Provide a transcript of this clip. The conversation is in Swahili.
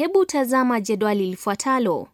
Hebu tazama jedwali lifuatalo.